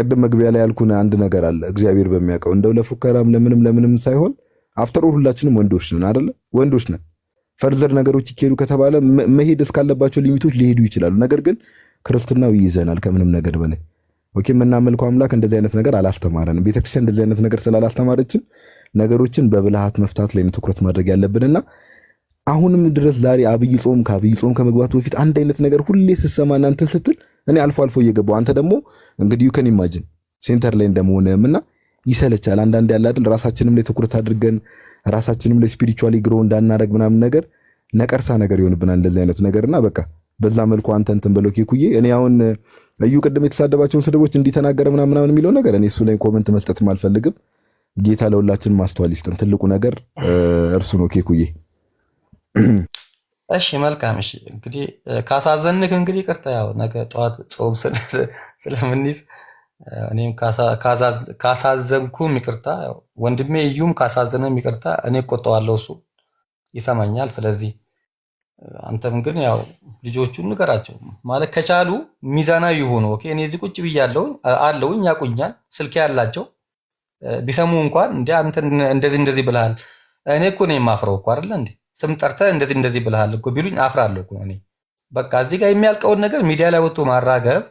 ቅድም መግቢያ ላይ ያልኩን አንድ ነገር አለ። እግዚአብሔር በሚያውቀው እንደው ለፉከራም ለምንም ለምንም ሳይሆን አፍተር ኦል ሁላችንም ወንዶች ነን አይደለ? ወንዶች ነን። ፈርዘር ነገሮች ይካሄዱ ከተባለ መሄድ እስካለባቸው ሊሚቶች ሊሄዱ ይችላሉ። ነገር ግን ክርስትናው ይይዘናል ከምንም ነገር በላይ ኦኬ። የምናመልከው አምላክ እንደዚህ አይነት ነገር አላስተማረንም። ቤተክርስቲያን እንደዚህ አይነት ነገር ስላላስተማረችን ነገሮችን በብልሃት መፍታት ላይ ትኩረት ማድረግ ያለብንና አሁንም ድረስ ዛሬ አብይ ጾም ከአብይ ጾም ከመግባቱ በፊት አንድ አይነት ነገር ሁሌ ስሰማ እናንተን ስትል እኔ አልፎ አልፎ እየገባው አንተ ደግሞ እንግዲህ ዩ ከን ሴንተር ላይ እንደመሆንም እና ይሰለቻል አንዳንድ ያለ አይደል ራሳችንም ላይ ትኩረት አድርገን ራሳችንም ላይ ስፒሪቹዋሊ ግሮ እንዳናረግ ምናምን ነገር ነቀርሳ ነገር ይሆንብናል እንደዚህ አይነት ነገርና በቃ በዛ መልኩ አንተ እንትን በለው ኬኩዬ እኔ አሁን እዩ ቅድም የተሳደባቸውን ስድቦች እንዲተናገረ ምናምን የሚለው ነገር እኔ እሱ ላይ ኮመንት መስጠትም አልፈልግም። ጌታ ለሁላችን ማስተዋል ይስጥን። ትልቁ ነገር እርሱ ነው ኬኩዬ እሺ መልካም። እሺ እንግዲህ ካሳዘንክ እንግዲህ ቅርታ፣ ያው ነገ ጠዋት ጾም ስለምንይዝ እኔም ካሳዘንኩም ይቅርታ፣ ወንድሜ እዩም ካሳዘነም ይቅርታ። እኔ እቆጠዋለሁ፣ እሱ ይሰማኛል። ስለዚህ አንተም ግን ያው ልጆቹን ንገራቸው ማለት ከቻሉ ሚዛናዊ የሆኑ ኦኬ። እኔ እዚህ ቁጭ ብያለሁ አለውኝ፣ ያቁኛል፣ ስልክ ያላቸው ቢሰሙ እንኳን እንደ አንተ እንደዚህ እንደዚህ ብልሃል። እኔ እኮ ነው የማፍረው እኮ አይደለ እንዴ ስም ጠርተህ እንደዚህ እንደዚህ ብልሃል እኮ ቢሉኝ አፍራለሁ እኔ። በቃ እዚህ ጋር የሚያልቀውን ነገር ሚዲያ ላይ ወጥቶ ማራገብ፣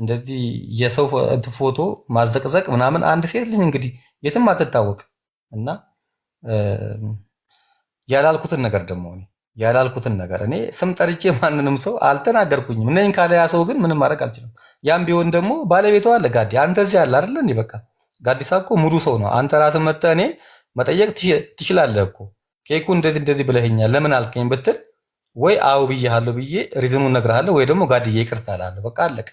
እንደዚህ የሰው ፎቶ ማዘቅዘቅ ምናምን። አንድ ሴት ልጅ እንግዲህ የትም አትታወቅ እና ያላልኩትን ነገር ደግሞ እኔ ያላልኩትን ነገር እኔ ስም ጠርቼ ማንንም ሰው አልተናገርኩኝም። እነኝ ካለ ያ ሰው ግን ምንም ማድረግ አልችልም። ያም ቢሆን ደግሞ ባለቤቱ አለ ጋዲ፣ አንተ እዚህ አለ አይደለ? በቃ ጋዲሳ እኮ ሙሉ ሰው ነው። አንተ ራስህ መተህ እኔ መጠየቅ ትችላለህ እኮ ኬኩ እንደዚህ እንደዚህ ብለኸኛል ለምን አልከኝ ብትል ወይ አው ብያሃለሁ ብዬ ሪዝኑን ነግርሃለሁ፣ ወይ ደግሞ ጋድዬ ይቅርታ እልሃለሁ። በቃ አለቀ።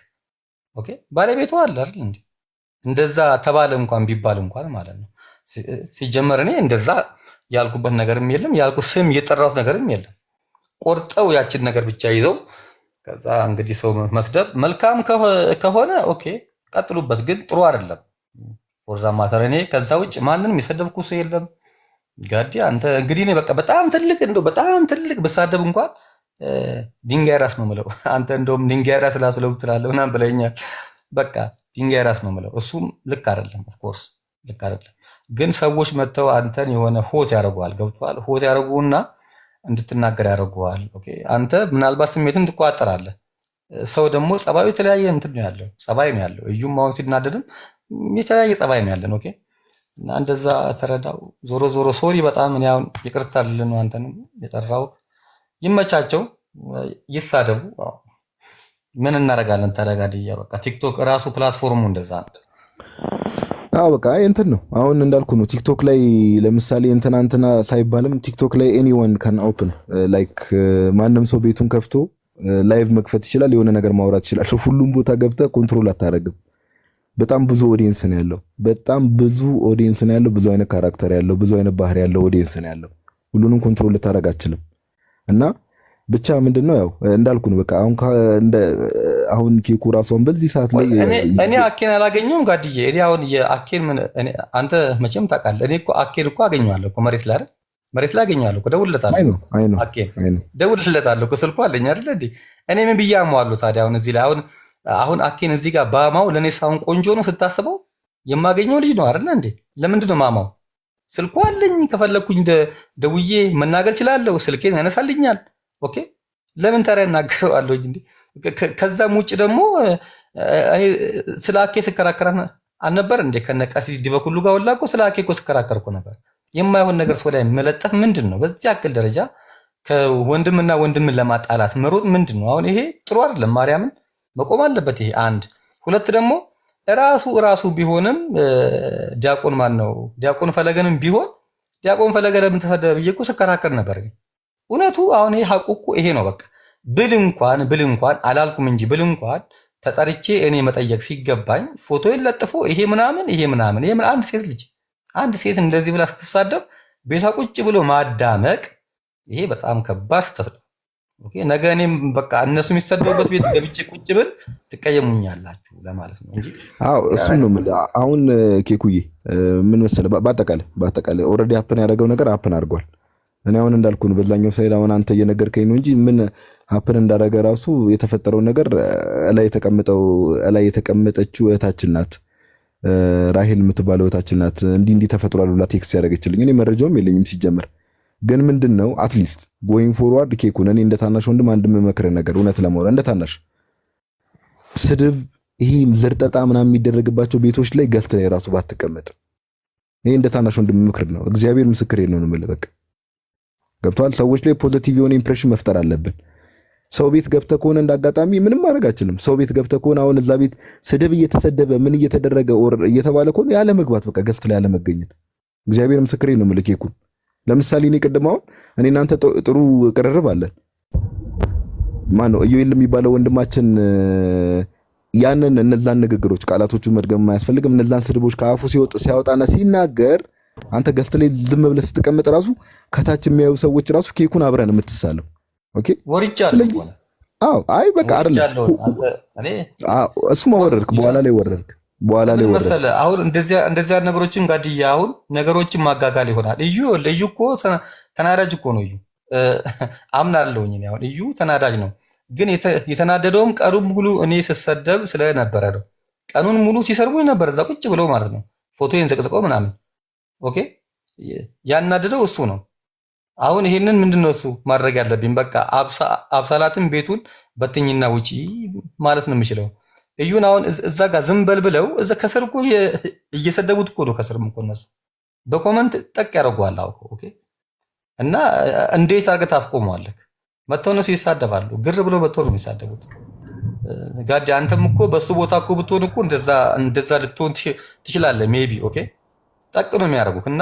ኦኬ ባለቤቱ አለ አይደል እንዴ? እንደዛ ተባለ እንኳን ቢባል እንኳን ማለት ነው። ሲጀመር እኔ እንደዛ ያልኩበት ነገርም የለም ያልኩ ስም የጠራሁት ነገርም የለም። ቆርጠው ያችን ነገር ብቻ ይዘው ከዛ እንግዲህ ሰው መስደብ መልካም ከሆነ ኦኬ ቀጥሉበት፣ ግን ጥሩ አይደለም። ወርዛ ማተር እኔ ከዛ ውጭ ማንንም የሰደብኩ ሰው የለም። ጋዲ አንተ እንግዲህ እኔ በቃ በጣም ትልቅ እንደው በጣም ትልቅ ብሳደብ እንኳን ድንጋይ ራስ ነው ምለው። አንተ እንደውም ድንጋይ ራስ ላስለው ትላለህ ምናምን ብለኛል። በቃ ድንጋይ ራስ ነው ምለው። እሱም ልክ አይደለም፣ ኦፍኮርስ ልክ አይደለም። ግን ሰዎች መጥተው አንተን የሆነ ሆት ያደርጉሃል። ገብቶሃል? ሆት ያደርጉና እንድትናገር ያደርጉሃል። አንተ ምናልባት ስሜትን ትቋጠራለህ። ሰው ደግሞ ጸባዩ የተለያየ እንትን ነው ያለው፣ ጸባይ ነው ያለው። እዩም አሁን ሲናደድም የተለያየ ጸባይ ነው ያለን። ኦኬ እና እንደዛ ተረዳው። ዞሮ ዞሮ ሶሪ በጣም እኔ አሁን ይቅርታ ልልህ አንተንም የጠራው። ይመቻቸው፣ ይሳደቡ። ምን እናደርጋለን? ተረጋድያ በቃ ቲክቶክ እራሱ ፕላትፎርሙ እንደዛ ነው። አዎ በቃ እንትን ነው አሁን እንዳልኩ ነው። ቲክቶክ ላይ ለምሳሌ እንትና እንትና ሳይባልም ቲክቶክ ላይ ኤኒዋን ካን ኦፕን ላይክ ማንም ሰው ቤቱን ከፍቶ ላይቭ መክፈት ይችላል። የሆነ ነገር ማውራት ይችላል። ሁሉም ቦታ ገብተህ ኮንትሮል አታደርግም። በጣም ብዙ ኦዲየንስ ነው ያለው። በጣም ብዙ ኦዲየንስ ነው ያለው። ብዙ አይነት ካራክተር ያለው፣ ብዙ አይነት ባህሪ ያለው ኦዲየንስ ነው ያለው። ሁሉንም ኮንትሮል ልታደርግ አችልም። እና ብቻ ምንድን ነው ያው እንዳልኩ ነው በቃ አሁን አሁን ኬኩ ራሷን በዚህ ሰዓት ላይ እኔ አኬን አላገኘውም ጋድዬ። እኔ አሁን የአኬን አንተ መቼም ታውቃለህ። እኔ እኮ አኬን እኮ አገኘዋለሁ መሬት ላይ መሬት ላይ አገኘዋለሁ ደውልለታለሁ፣ ደውልለታለሁ። ስልኩ አለኝ አይደለ? እኔ ምን ብዬ አሟዋለሁ ታዲያ አሁን እዚህ ላይ አሁን አሁን አኬን እዚህ ጋር ባማው ለእኔ ሳሁን ቆንጆ ነው ስታስበው የማገኘው ልጅ ነው አይደለ እንዴ? ለምንድን ነው ማማው? ስልኩ አለኝ ከፈለግኩኝ ደውዬ መናገር እችላለሁ። ስልኬን ያነሳልኛል። ኦኬ ለምን ታዲያ እናገረዋለሁ እንዴ? ከዛም ውጭ ደግሞ ስለ አኬ ስከራከራ አልነበር እንዴ? ከነቀሲ ዲበኩሉ ጋር ወላቆ ስለ አኬ እኮ ስከራከርኩ ነበር። የማይሆን ነገር ሰው ላይ መለጠፍ ምንድን ነው? በዚህ ያክል ደረጃ ከወንድምና ወንድምን ለማጣላት መሮጥ ምንድን ነው? አሁን ይሄ ጥሩ አይደለም። ማርያምን መቆም አለበት። ይሄ አንድ ሁለት ደግሞ ራሱ ራሱ ቢሆንም ዲያቆን ማን ነው ዲያቆን ፈለገንም ቢሆን ዲያቆን ፈለገ ለምን ተሰደበ ብዬ እኮ ስከራከር ነበር። እውነቱ አሁን ይሄ ሀቁ እኮ ይሄ ነው። በቃ ብል እንኳን ብል እንኳን አላልኩም እንጂ ብል እንኳን ተጠርቼ እኔ መጠየቅ ሲገባኝ ፎቶ ለጥፎ ይሄ ምናምን ይሄ ምናምን ይሄ አንድ ሴት ልጅ አንድ ሴት እንደዚህ ብላ ስትሳደብ ቤቷ ቁጭ ብሎ ማዳመቅ ይሄ በጣም ከባድ ስተት ነው። ነገ እኔም በቃ እነሱ የሚሰደቡበት ቤት ገብቼ ቁጭ ብል ትቀየሙኛላችሁ ለማለት ነው እንጂ እሱም ነው አሁን ኬኩዬ ምን መሰለህ፣ በአጠቃላይ በአጠቃላይ ኦልሬዲ ሀፕን ያደረገው ነገር ሀፕን አድርጓል። እኔ አሁን እንዳልኩ ነው፣ በዛኛው ሳይድ አሁን አንተ እየነገርከኝ ነው እንጂ ምን ሀፕን እንዳደረገ ራሱ የተፈጠረው ነገር ላይ የተቀመጠው ላይ የተቀመጠችው እህታችን ናት ራሄል የምትባለው እህታችን ናት። እንዲህ እንዲህ ተፈጥሯል ብላ ቴክስት ያደረገችልኝ እኔ መረጃውም የለኝም ሲጀመር ግን ምንድን ነው አትሊስት ጎይንግ ፎርዋርድ ኬኩን እኔ እንደ ታናሽ ወንድም አንድ የምመክርህ ነገር እውነት ለመሆን እንደ ታናሽ ስድብ፣ ይሄ ዝርጠጣ ምናምን የሚደረግባቸው ቤቶች ላይ ገፍት ላይ ራሱ ባትቀመጥ፣ ይሄ እንደ ታናሽ ወንድም ምክር ነው። እግዚአብሔር ምስክር ነው ነው የምልህ። በቃ ገብቶሃል። ሰዎች ላይ ፖዘቲቭ የሆነ ኢምፕሬሽን መፍጠር አለብን። ሰው ቤት ገብተህ ከሆነ እንዳጋጣሚ ምንም ማድረግ አችልም። ሰው ቤት ገብተህ ከሆነ አሁን እዛ ቤት ስድብ እየተሰደበ ምን እየተደረገ ኦር እየተባለ ከሆነ ያለ መግባት በቃ ገስት ላይ ያለ መገኘት። እግዚአብሔር ምስክሬ ነው ምልክ ይኩን ለምሳሌ እኔ ቅድም አሁን እኔ እናንተ ጥሩ ቅርርብ አለን። ማን ነው ኢዩኤል የሚባለው ወንድማችን ያንን እነዛን ንግግሮች ቃላቶቹን መድገም አያስፈልግም። እነዛን ስድቦች ከአፉ ሲወጥ ሲያወጣና ሲናገር አንተ ገፍት ላይ ዝም ብለህ ስትቀምጥ ራሱ ከታች የሚያዩ ሰዎች ራሱ ኬኩን አብረን የምትሳለው ኦኬ። ወርጃለሁ። አዎ፣ አይ በቃ አይደለም። እሱ ወረድክ፣ በኋላ ላይ ወረድክ። በኋላ ላይ መሰለ አሁን እንደዚያ ነገሮችን ጋድያ አሁን ነገሮችን ማጋጋል ይሆናል። እዩ ልዩ እኮ ተናዳጅ እኮ ነው እዩ አምናለሁኝ እኔ አሁን እዩ ተናዳጅ ነው። ግን የተናደደውም ቀኑን ሙሉ እኔ ስሰደብ ስለነበረ ነው። ቀኑን ሙሉ ሲሰርቡኝ ነበር እዛ ቁጭ ብለው ማለት ነው። ፎቶ ዘቅዝቀው ምናምን ኦኬ። ያናደደው እሱ ነው። አሁን ይሄንን ነው እሱ ማድረግ ያለብኝ? በቃ አብሳላትን ቤቱን በትኝና ውጪ ማለት ነው የምችለው እዩን አሁን እዛ ጋር ዝም ብለው እዛ ከስር እኮ እየሰደቡት እኮ ነው። ከስርም እኮ እነሱ በኮመንት ጠቅ ያደርገዋል። አውቆ ኦኬ። እና እንዴት አድርገህ ታስቆመዋለህ? መጥቶ እነሱ ይሳደባሉ። ግር ብሎ መጥቶ ነው የሚሳደቡት። ጋዲ አንተም እኮ በሱ ቦታ እኮ ብትሆን እኮ እንደዛ ልትሆን ትችላለህ። ሜቢ ኦኬ። ጠቅ ነው የሚያደርጉት እና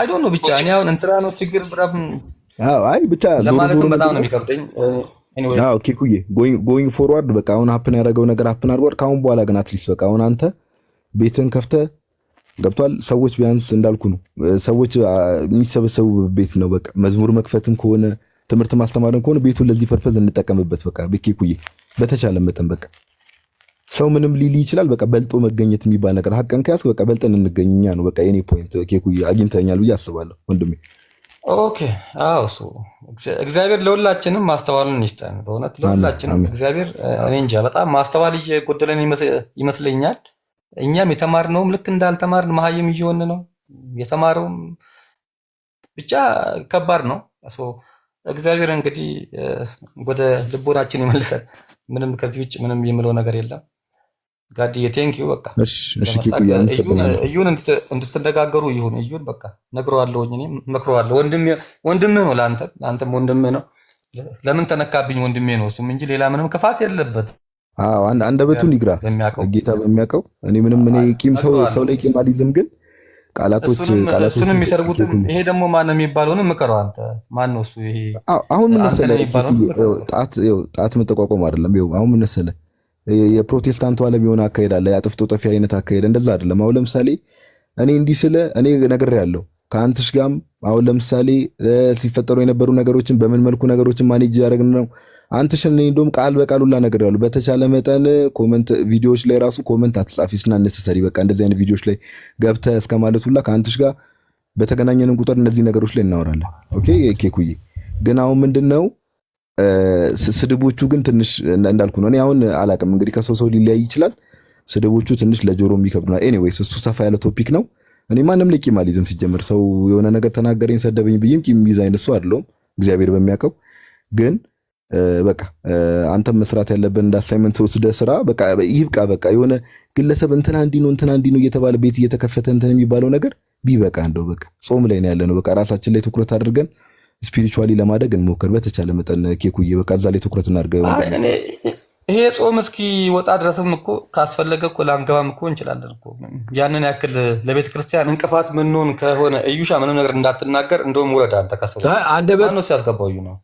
አይዶን ነው ብቻ እኔ አሁን እንትራ ነው ችግር ብቻ ለማለትም በጣም ነው የሚከብደኝ። ኦኬ ኩዬ ጎይንግ ፎርዋርድ በቃ አሁን ሀፕን ያደረገው ነገር ሀፕን አድርጓል። ከአሁን በኋላ ግን አትሊስት በቃ አሁን አንተ ቤትን ከፍተ ገብቷል። ሰዎች ቢያንስ እንዳልኩ ነው ሰዎች የሚሰበሰቡ ቤት ነው በቃ መዝሙር መክፈትም ከሆነ ትምህርት ማስተማርን ከሆነ ቤቱን ለዚህ ፐርፐዝ እንጠቀምበት። በቃ ቤኬ ኩዬ በተቻለ መጠን በቃ ሰው ምንም ሊል ይችላል። በቃ በልጦ መገኘት የሚባል ነገር ሀቀን ከያዝክ በቃ በልጠን እንገኝኛ ነው በቃ የኔ ፖይንት። ኬኩዬ አግኝተኛል ብዬ አስባለሁ ወንድሜ። ኦኬ አዎ እሱ እግዚአብሔር ለሁላችንም ማስተዋልን ይስጠን። በእውነት ለሁላችንም እግዚአብሔር እኔ እንጃ በጣም ማስተዋል እየጎደለን ይመስለኛል። እኛም የተማርነውም ልክ እንዳልተማርን መሀይም እየሆን ነው። የተማረውም ብቻ ከባድ ነው። እግዚአብሔር እንግዲህ ወደ ልቦናችን ይመልሰን። ምንም ከዚህ ውጭ ምንም የምለው ነገር የለም። ጋድዬ ቴንክ ዩ በቃ እዩን እንድትነጋገሩ ይሁን። እዩን በቃ ነግረዋለሁኝ፣ እኔም መክረዋለሁ። ወንድሜ ነው ለአንተ ለአንተም ወንድሜ ነው። ለምን ተነካብኝ ወንድሜ ነው እሱም እንጂ ሌላ ምንም ክፋት የለበት። አንደበቱን ይግራ ጌታ በሚያውቀው። እኔ ምንም እኔ ቂም ሰው ሰው ላይ ቂም አልይዝም፣ ግን ቃላቶች ቃላቶችን የሚሰርጉት ይሄ ደግሞ ማን የሚባለውን ምከረው አንተ። ማን ነው እሱ? ይሄ አሁን ምን መሰለህ ጣት መጠቋቋም አይደለም። አሁን ምን መሰለህ የፕሮቴስታንቱ ዓለም የሆነ አካሄድ አለ። የአጥፍቶ ጠፊ አይነት አካሄድ እንደዛ አይደለም። አሁን ለምሳሌ እኔ እንዲህ ስለ እኔ ነገር ያለው ከአንትሽ ጋም አሁን ለምሳሌ ሲፈጠሩ የነበሩ ነገሮችን በምን መልኩ ነገሮችን ማኔጅ እያደረግን ነው። አንትሽ እኔ እንደውም ቃል በቃል ሁላ ነገር ያለው በተቻለ መጠን ኮመንት ቪዲዮዎች ላይ ራሱ ኮመንት አትጻፊ ስና ነሰሰሪ በቃ እንደዚህ አይነት ቪዲዮዎች ላይ ገብተ እስከ ማለት ሁላ ከአንትሽ ጋር በተገናኘንን ቁጥር እነዚህ ነገሮች ላይ እናወራለን። ኦኬ ኬኩዬ ግን አሁን ምንድን ነው ስድቦቹ ግን ትንሽ እንዳልኩ ነው። እኔ አሁን አላቅም እንግዲህ ከሰው ሰው ሊለያይ ይችላል። ስድቦቹ ትንሽ ለጆሮ የሚከብዱ ነው። ኤኒዌይስ እሱ ሰፋ ያለ ቶፒክ ነው። እኔ ማንም ላይ ቂም አልይዝም። ሲጀምር ሰው የሆነ ነገር ተናገረኝ፣ ሰደበኝ ብዬም ቂም ይዝ አይነት ሰው አይደለሁም። እግዚአብሔር በሚያውቀው ግን በቃ አንተም መስራት ያለብን እንደ አሳይመንት ወስደ ስራ በቃ ይብቃ። በቃ የሆነ ግለሰብ እንትና እንዲህ ነው እንትና እንዲህ ነው እየተባለ ቤት እየተከፈተ እንትን የሚባለው ነገር ቢበቃ እንደው በቃ ጾም ላይ ነው ያለ ነው። በቃ ራሳችን ላይ ትኩረት አድርገን ስፒሪቹዋሊ ለማደግ እንሞክር በተቻለ መጠን። ኬኩዬ በቃ እዛ ላይ ትኩረት እናድርገ። ይሄ ጾም እስኪ ወጣ ድረስም እኮ ካስፈለገ እኮ ለአንገባም እኮ እንችላለን እኮ ያንን ያክል ለቤተ ክርስቲያን እንቅፋት ምንሆን ከሆነ እዩሻ ምንም ነገር እንዳትናገር እንደውም ውረዳ አንተ ሲያስገባዩ ነው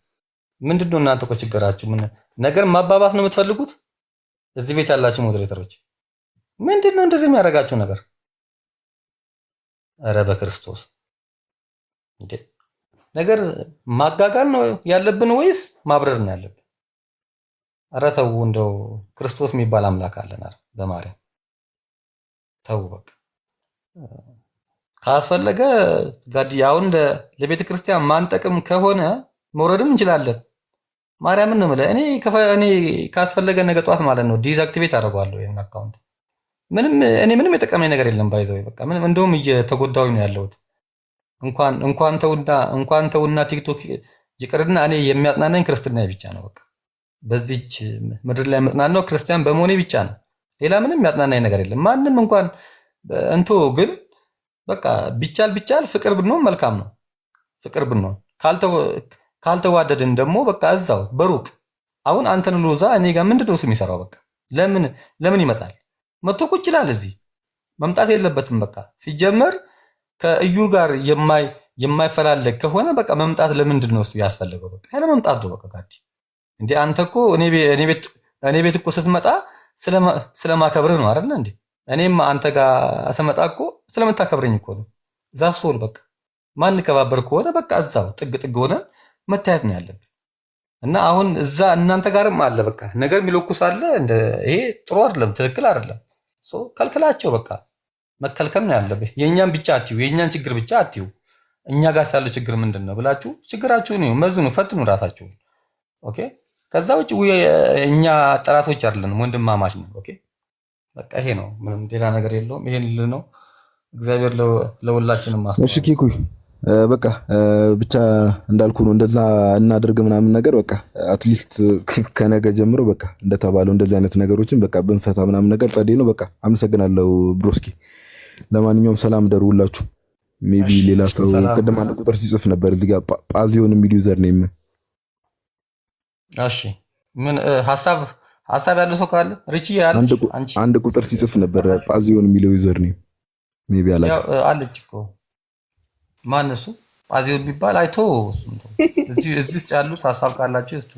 ምንድን ነው እናንተ እኮ ችግራችሁ ምን ነገር ማባባት ነው የምትፈልጉት? እዚህ ቤት ያላችሁ ሞዴሬተሮች ምንድን ነው እንደዚህ የሚያደርጋችሁ ነገር? ኧረ በክርስቶስ ነገር ማጋጋል ነው ያለብን ወይስ ማብረር ነው ያለብን? ኧረ ተው እንደው ክርስቶስ የሚባል አምላክ አለን። ኧረ በማርያም ተው በቃ። ካስፈለገ ጋዲ አሁን ለቤተ ክርስቲያን ማንጠቅም ከሆነ መውረድም እንችላለን። ማርያምን ነው የምልህ። እኔ ካስፈለገ ነገ ጠዋት ማለት ነው ዲዛክቲቬት አደርገዋለሁ ይሄን አካውንት። ምንም እኔ ምንም የጠቀመኝ ነገር የለም። ባይዘው በቃ ምንም እንደውም እየተጎዳሁኝ ነው ያለሁት። እንኳን እንኳን ተውና እንኳን ተውና ቲክቶክ ይቅርና እኔ የሚያጽናናኝ ክርስትና ብቻ ነው። በቃ በዚች ምድር ላይ መጽናናው ክርስቲያን በመሆኔ ብቻ ነው። ሌላ ምንም የሚያጽናናኝ ነገር የለም። ማንም እንኳን እንቶ ግን በቃ ቢቻል ቢቻል ፍቅር ብንሆን መልካም ነው። ፍቅር ብንሆን ካልተዋደድን ደግሞ በቃ እዛው በሩቅ አሁን አንተን ሎዛ እኔ ጋር ምንድነው ስም የሚሰራው? በቃ ለምን ለምን ይመጣል? መጥቶ ቁጭ ይላል። እዚህ መምጣት የለበትም። በቃ ሲጀመር ከእዩ ጋር የማይፈላለግ ከሆነ በቃ መምጣት ለምንድን ነው እሱ ያስፈለገው? በቃ ያለ መምጣት ነው። በቃ ጋዲ እንዴ አንተ እኮ እኔ ቤት እኮ ስትመጣ ስለማከብርህ ነው አይደለ እንዴ? እኔም አንተ ጋር ስመጣ እኮ ስለምታከብረኝ እኮ ነው። እዛ ሶል በቃ ማንከባበር ከሆነ በቃ እዛው ጥግ ጥግ ሆነን መታየት ነው ያለብን። እና አሁን እዛ እናንተ ጋርም አለ በቃ ነገር የሚለኩስ አለ። ይሄ ጥሩ አይደለም፣ ትክክል አይደለም። ከልክላቸው በቃ መከልከል ነው ያለብህ። የእኛን ብቻ አትዩ፣ የእኛን ችግር ብቻ አትዩ። እኛ ጋር ያለው ችግር ምንድን ነው ብላችሁ ችግራችሁን መዝኑ፣ ፈትኑ ራሳችሁን። ኦኬ። ከዛ ውጭ እኛ ጠላቶች አይደለንም፣ ወንድማማች ነው። ኦኬ። በቃ ይሄ ነው፣ ምንም ሌላ ነገር የለውም። ይሄን ልል ነው። እግዚአብሔር ለሁላችንም እሺ። ኪኩ በቃ ብቻ እንዳልኩ ነው፣ እንደዛ እናደርግ ምናምን ነገር በቃ አትሊስት ከነገ ጀምሮ በቃ እንደተባለው እንደዚህ አይነት ነገሮችን በቃ ብንፈታ ምናምን ነገር ጸዴ ነው። በቃ አመሰግናለሁ ብሮስኪ። ለማንኛውም ሰላም ደሩ ሁላችሁ። ሜቢ ሌላ ሰው ቅድም አንድ ቁጥር ሲጽፍ ነበር እዚህ ጋር ጳዚዮን የሚል ዩዘር ኔም። እሺ ምን ሀሳብ ሀሳብ ያለው ሰው ካለ ሪቺ ያለ አንድ ቁጥር ሲጽፍ ነበር ጳዚዮን የሚለው ዩዘር ኔም ሜቢ አላውቅም። አለች እኮ ማን እሱ ጳዚዮን የሚባል አይቶ እዚህ ውስጥ ያሉት ሀሳብ ካላቸው ይስጡ።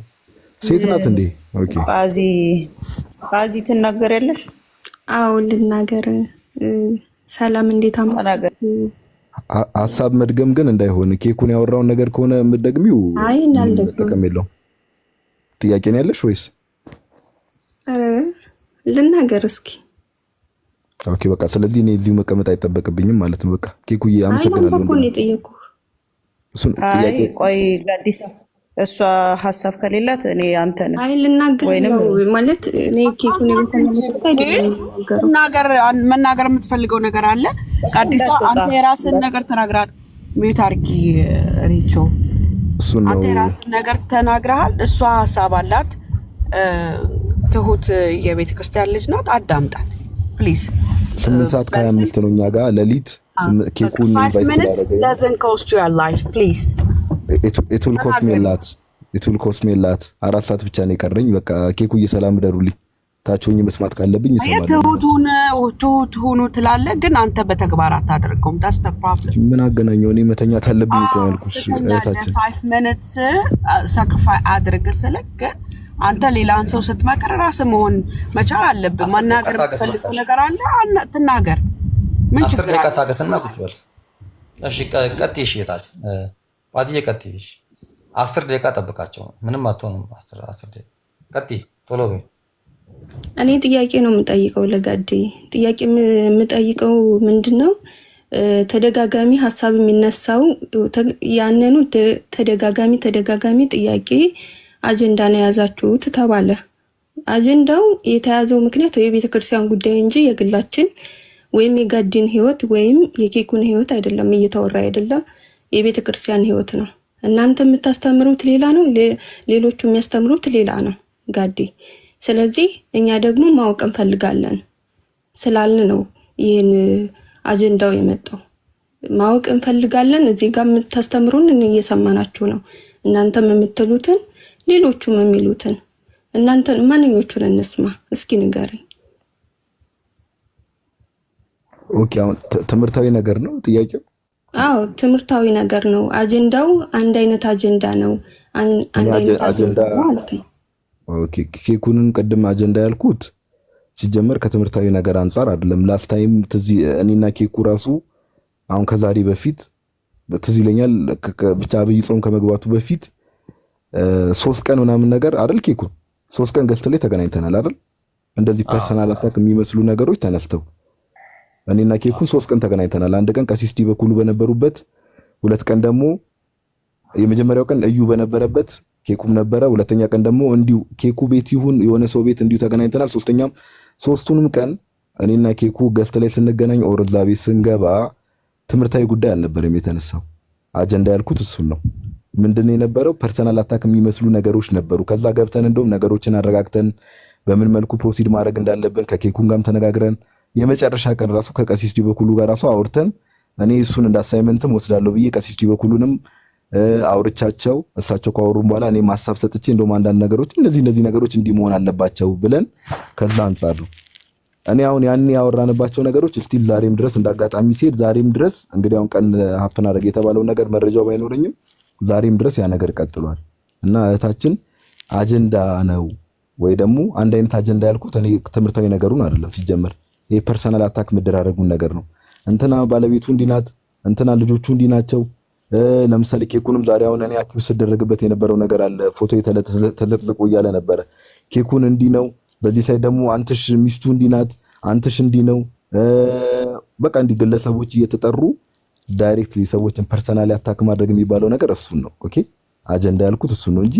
ሴት ናት እንዴ? ጳዚ ጳዚ ትናገር ያለሽ? አዎ ልናገር ሰላም እንዴት አመናገር ሀሳብ መድገም ግን እንዳይሆን ኬኩን ያወራውን ነገር ከሆነ የምትደግሚው ጥቅም የለው ጥያቄ ነው ያለሽ ወይስ ልናገር? እስኪ ኦኬ በቃ ስለዚህ እኔ እዚሁ መቀመጥ አይጠበቅብኝም ማለት ነው። በቃ ኬኩዬ አመሰግናለሁ። ጥያቄ ቆይ ጋዲሳ እሷ ሀሳብ ከሌላት እኔ አንተ ነህ። ልናገር መናገር የምትፈልገው ነገር አለ። ከአዲስ አንተ የራስን ነገር ተናግራል። ሜት አርጊ ሪቾ አንተ የራስን ነገር ተናግረሃል። እሷ ሀሳብ አላት። ትሁት የቤተ ክርስቲያን ልጅ ናት። አዳምጣት ፕሊዝ። ስምንት ሰዓት ከሀያ አምስት ነው እኛ ጋር ለሊት ኬኩን ኢንቫይት ስላደረገ ፕሊዝ የቱል ኮስሜላት የቱል ኮስሜላት አራት ሰዓት ብቻ ነው የቀረኝ። በቃ ኬኩ እየሰላም ደሩልኝ። ታችሁኝ መስማት ካለብኝ ይሰማል። ትሁት ሁኑ ትላለ፣ ግን አንተ በተግባር አታደርገውም። ታስተ ፕሮብለም ምን አገናኘው? እኔ መተኛት አለብኝ እኮ ያልኩሽ እህታችን። ሚኒትስ ሳክሪፋይ uh, አድርግ ስልክ ግን አንተ ሌላን ሰው ስትመክር ራስ መሆን መቻል አለብን። ማናገር ፈልጉ ነገር አለ ትናገር። ምን ችግር አለ? ዋትዬ ቀጥይ። አስር ደቂቃ ጠብቃቸው። ምንም አትሆንም። አስር ደቂቃ ቀጥይ፣ ቶሎ በይ። እኔ ጥያቄ ነው የምጠይቀው ለጋዴ። ጥያቄ የምጠይቀው ምንድን ነው ተደጋጋሚ ሀሳብ የሚነሳው ያንኑ ተደጋጋሚ ተደጋጋሚ ጥያቄ አጀንዳ ነው የያዛችሁት ተባለ። አጀንዳው የተያዘው ምክንያት የቤተ ክርስቲያን ጉዳይ እንጂ የግላችን ወይም የጋዴን ህይወት ወይም የኬኩን ህይወት አይደለም፣ እየተወራ አይደለም። የቤተ ክርስቲያን ህይወት ነው። እናንተ የምታስተምሩት ሌላ ነው፣ ሌሎቹ የሚያስተምሩት ሌላ ነው ጋዴ። ስለዚህ እኛ ደግሞ ማወቅ እንፈልጋለን ስላልን ነው ይህን አጀንዳው የመጣው። ማወቅ እንፈልጋለን። እዚህ ጋር የምታስተምሩን እየሰማናችሁ ነው። እናንተም የምትሉትን ሌሎቹም የሚሉትን እናንተ ማንኞቹን እንስማ እስኪ ንገረኝ። ኦኬ፣ አሁን ትምህርታዊ ነገር ነው ጥያቄው። አዎ ትምህርታዊ ነገር ነው። አጀንዳው አንድ አይነት አጀንዳ ነው። ኬኩንን ኬኩንም ቅድም አጀንዳ ያልኩት ሲጀመር ከትምህርታዊ ነገር አንጻር አይደለም። ላስት ታይም እኔና ኬኩ ራሱ አሁን ከዛሬ በፊት ትዝ ይለኛል ብቻ አብይ ጾም ከመግባቱ በፊት ሶስት ቀን ምናምን ነገር አይደል ኬኩ ሶስት ቀን ገዝት ላይ ተገናኝተናል አይደል? እንደዚህ ፐርሰናል አታክ የሚመስሉ ነገሮች ተነስተው እኔና ኬኩ ሶስት ቀን ተገናኝተናል። አንድ ቀን ቀሲስ ዲ በኩሉ በነበሩበት፣ ሁለት ቀን ደግሞ የመጀመሪያው ቀን እዩ በነበረበት ኬኩም ነበረ። ሁለተኛ ቀን ደግሞ እንዲሁ ኬኩ ቤት ይሁን የሆነ ሰው ቤት እንዲሁ ተገናኝተናል። ሶስተኛም ሶስቱንም ቀን እኔና ኬኩ ገስት ላይ ስንገናኝ ኦር ቤት ስንገባ ትምህርታዊ ጉዳይ አልነበረም የተነሳው። አጀንዳ ያልኩት እሱን ነው። ምንድን ነው የነበረው? ፐርሰናል አታክ የሚመስሉ ነገሮች ነበሩ። ከዛ ገብተን እንደውም ነገሮችን አረጋግተን በምን መልኩ ፕሮሲድ ማድረግ እንዳለብን ከኬኩን ጋርም ተነጋግረን የመጨረሻ ቀን ራሱ ከቀሲስ ዲበኩሉ ጋር ራሱ አውርተን እኔ እሱን እንደ አሳይመንትም ወስዳለሁ ብዬ ቀሲስ ዲበኩሉንም አውርቻቸው እሳቸው ካወሩም በኋላ እኔ ማሳብ ሰጥቼ እንደውም አንዳንድ ነገሮች እነዚህ እነዚህ ነገሮች እንዲህ መሆን አለባቸው ብለን ከዛ አንጻር ነው እኔ አሁን ያን ያወራንባቸው ነገሮች ስቲል ዛሬም ድረስ እንዳጋጣሚ ሲሄድ ዛሬም ድረስ እንግዲህ አሁን ቀን ሀፕን አደረገ የተባለው ነገር መረጃው ባይኖረኝም ዛሬም ድረስ ያ ነገር ቀጥሏል እና እህታችን አጀንዳ ነው ወይ ደግሞ አንድ አይነት አጀንዳ ያልኩት እኔ ትምህርታዊ ነገሩን አይደለም ሲጀመር የፐርሰናል አታክ መደራረጉን ነገር ነው። እንትና ባለቤቱ እንዲናት እንትና ልጆቹ እንዲናቸው። ለምሳሌ ኬኩንም ዛሬ አሁን እኔ አኪው ስደረግበት የነበረው ነገር አለ። ፎቶ ተለጥዝቆ እያለ ነበረ። ኬኩን እንዲ ነው፣ በዚህ ሳይ ደግሞ አንትሽ ሚስቱ እንዲናት፣ አንትሽ እንዲ ነው። በቃ እንዲ ግለሰቦች እየተጠሩ ዳይሬክትሊ ሰዎችን ፐርሰናል አታክ ማድረግ የሚባለው ነገር እሱን ነው። ኦኬ አጀንዳ ያልኩት እሱን ነው እንጂ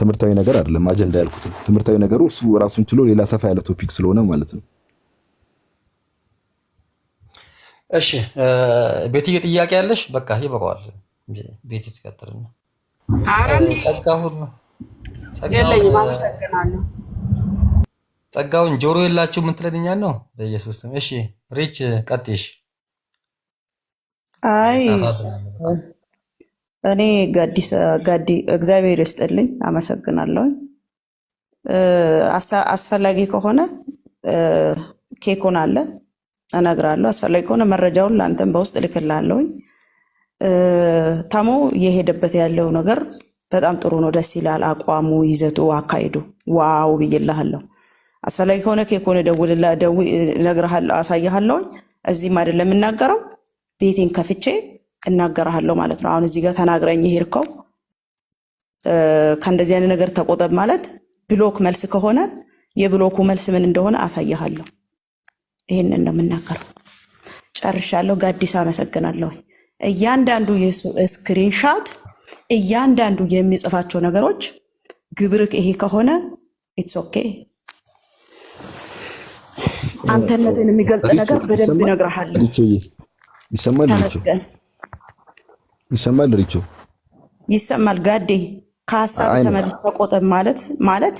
ትምህርታዊ ነገር አይደለም። አጀንዳ ያልኩት ትምህርታዊ ነገሩ እሱ ራሱን ችሎ ሌላ ሰፋ ያለ ቶፒክ ስለሆነ ማለት ነው። እሺ ቤትዬ ጥያቄ ያለሽ? በቃ ይበቃዋል። ቤት ትቀጥል ጸጋሁን ጸጋ ሁሉ ጸጋውን ጆሮ የላችሁ ምን ትለኛል ነው በኢየሱስ ስም። እሺ ሪች ቀጥሽ። አይ እኔ ጋዲስ ጋዲ እግዚአብሔር ይስጥልኝ፣ አመሰግናለሁ። አስፈላጊ ከሆነ ኬኩን አለ እነግራለሁ። አስፈላጊ ከሆነ መረጃውን ለአንተም በውስጥ ልክላለሁኝ። ታሞ የሄደበት ያለው ነገር በጣም ጥሩ ነው። ደስ ይላል። አቋሙ፣ ይዘቱ፣ አካሄዱ ዋው ብዬልሃለሁ። አስፈላጊ ከሆነ ኬኮን ደውልላ ደዊ እነግርሃለሁ፣ አሳይሃለሁኝ። እዚህም አይደለም የምናገረው ቤቴን ከፍቼ እናገርሃለሁ ማለት ነው። አሁን እዚህ ጋር ተናግረኝ ሄድከው ከእንደዚህ አይነት ነገር ተቆጠብ ማለት ብሎክ መልስ ከሆነ የብሎኩ መልስ ምን እንደሆነ አሳይሃለሁ። ይህንን ነው የምናገረው። ጨርሻለሁ። ጋዲስ አመሰግናለሁ። እያንዳንዱ የሱ ስክሪንሻት፣ እያንዳንዱ የሚጽፋቸው ነገሮች ግብርክ ይሄ ከሆነ ኢትስ ኦኬ። አንተነትን የሚገልጥ ነገር በደንብ እነግርሃለሁ። ይሰማል። ሪቾ ይሰማል። ጋዴ ከሀሳብ ተመለስ ተቆጠብ ማለት ማለት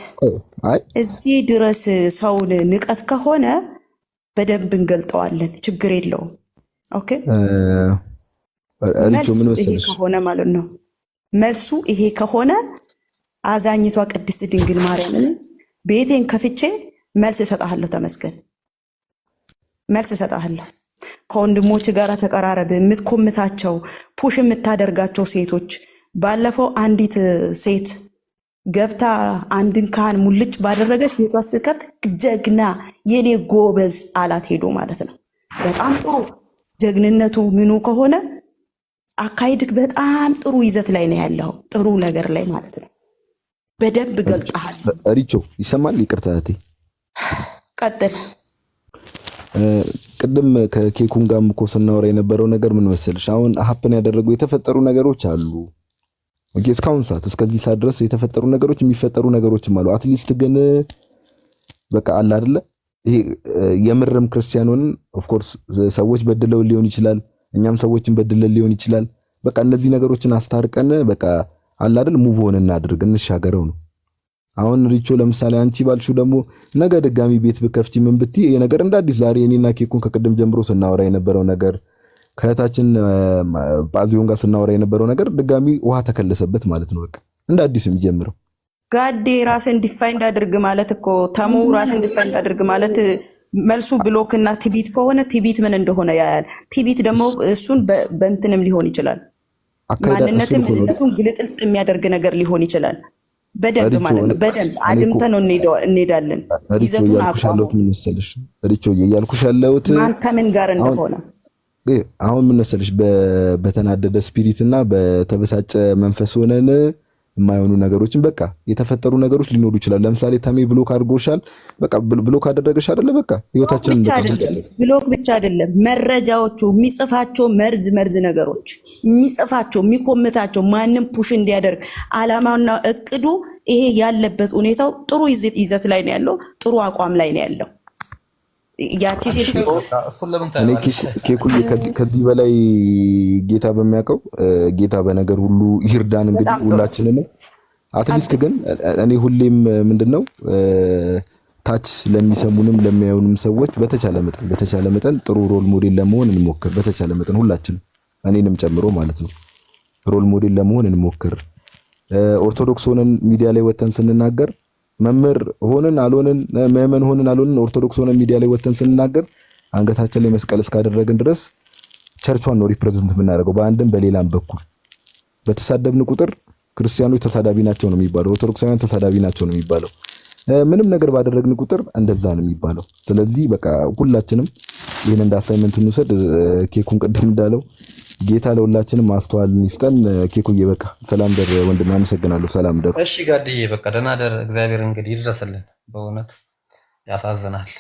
እዚህ ድረስ ሰውን ንቀት ከሆነ በደንብ እንገልጠዋለን። ችግር የለውም። ኦኬ ከሆነ ማለት ነው መልሱ ይሄ ከሆነ አዛኝቷ ቅድስት ድንግል ማርያምን ቤቴን ከፍቼ መልስ እሰጥሃለሁ። ተመስገን መልስ እሰጥሃለሁ። ከወንድሞች ጋር ተቀራረብ። የምትኮምታቸው ፑሽ የምታደርጋቸው ሴቶች ባለፈው አንዲት ሴት ገብታ አንድን ካህን ሙልጭ ባደረገች ቤቷ ስከፍት ጀግና የኔ ጎበዝ አላት ሄዶ ማለት ነው። በጣም ጥሩ ጀግንነቱ ምኑ ከሆነ አካሄድክ በጣም ጥሩ ይዘት ላይ ነው ያለው፣ ጥሩ ነገር ላይ ማለት ነው። በደንብ ገልጠሃል። እሪቾ ይሰማል። ይቅርታ እህቴ ቀጥል። ቅድም ከኬኩን ጋም እኮ ስናወራ የነበረው ነገር ምን መሰለሽ፣ አሁን ሀፕን ያደረጉ የተፈጠሩ ነገሮች አሉ ኦኬ እስካሁን ሰዓት እስከዚህ ሰዓት ድረስ የተፈጠሩ ነገሮች የሚፈጠሩ ነገሮችም አሉ። አትሊስት ግን በቃ አለ አይደለ ይሄ የምርም ክርስቲያኑን ኦፍ ኮርስ ሰዎች በድለው ሊሆን ይችላል፣ እኛም ሰዎችን በድለን ሊሆን ይችላል። በቃ እነዚህ ነገሮችን አስታርቀን በቃ አለ አይደል ሙቭ ሆነን እናድርግ፣ እንሻገረው ነው። አሁን ሪቾ ለምሳሌ አንቺ ባልሹ ደግሞ ነገ ድጋሚ ቤት ብከፍቺ ምን ብትይ ይሄ ነገር እንዳዲስ ዛሬ እኔና ኬኩን ከቅድም ጀምሮ ስናወራ የነበረው ነገር ከእህታችን ጳዚዮን ጋር ስናወራ የነበረው ነገር ድጋሚ ውሃ ተከለሰበት ማለት ነው። በቃ እንደ አዲስ የሚጀምረው ጋዴ ራስን እንዲፋይ አድርግ ማለት እኮ ተሙ ራስን እንዲፋይ አድርግ ማለት መልሱ ብሎክ እና ቲቢት ከሆነ ቲቢት ምን እንደሆነ ያያል። ቲቢት ደግሞ እሱን በእንትንም ሊሆን ይችላል። ማንነትም ምንነቱን ግልጥልጥ የሚያደርግ ነገር ሊሆን ይችላል። በደንብ ማለት ነው። በደንብ አድምተ ነው እንሄዳለን። ይዘቱን አቋሙ ሪቾ እያልኩሽ ያለሁት ከምን ጋር እንደሆነ አሁን ምን መሰለሽ በተናደደ ስፒሪት እና በተበሳጨ መንፈስ ሆነን የማይሆኑ ነገሮችን በቃ የተፈጠሩ ነገሮች ሊኖሩ ይችላል። ለምሳሌ ተሜ ብሎክ አድርጎሻል፣ በቃ ብሎክ አደረገሽ አይደለ? በቃ ህይወታችን ብሎክ ብቻ አይደለም፣ መረጃዎቹ የሚጽፋቸው መርዝ መርዝ ነገሮች የሚጽፋቸው የሚኮምታቸው፣ ማንም ፑሽ እንዲያደርግ አላማውና እቅዱ ይሄ ያለበት ሁኔታው ጥሩ ይዘት ላይ ነው ያለው፣ ጥሩ አቋም ላይ ነው ያለው። ያቺ ሴት ከዚህ በላይ ጌታ በሚያውቀው ጌታ በነገር ሁሉ ይርዳን። እንግዲህ ሁላችንንም አትሊስት ግን እኔ ሁሌም ምንድን ነው ታች ለሚሰሙንም ለሚያዩንም ሰዎች በተቻለ መጠን በተቻለ መጠን ጥሩ ሮል ሞዴል ለመሆን እንሞክር። በተቻለ መጠን ሁላችን እኔንም ጨምሮ ማለት ነው ሮል ሞዴል ለመሆን እንሞክር። ኦርቶዶክስ ሆነን ሚዲያ ላይ ወተን ስንናገር መምህር ሆንን አልሆንን ምዕመን ሆንን አልሆንን ኦርቶዶክስ ሆነ ሚዲያ ላይ ወተን ስንናገር አንገታችን ላይ መስቀል እስካደረግን ድረስ ቸርቿን ነው ሪፕሬዘንት የምናደርገው። በአንድም በሌላም በኩል በተሳደብን ቁጥር ክርስቲያኖች ተሳዳቢ ናቸው ነው የሚባለው፣ ኦርቶዶክሳውያን ተሳዳቢ ናቸው ነው የሚባለው። ምንም ነገር ባደረግን ቁጥር እንደዛ ነው የሚባለው። ስለዚህ በቃ ሁላችንም ይህን እንደ አሳይመንት እንውሰድ። ኬኩን ቅድም እንዳለው ጌታ ለሁላችንም ማስተዋልን ይስጠን። ኬኩዬ በቃ ሰላም ደር ወንድም፣ አመሰግናለሁ። ሰላም ደር። እሺ ጋድዬ በቃ ደህና ደር። እግዚአብሔር እንግዲህ ይድረስልን። በእውነት ያሳዝናል።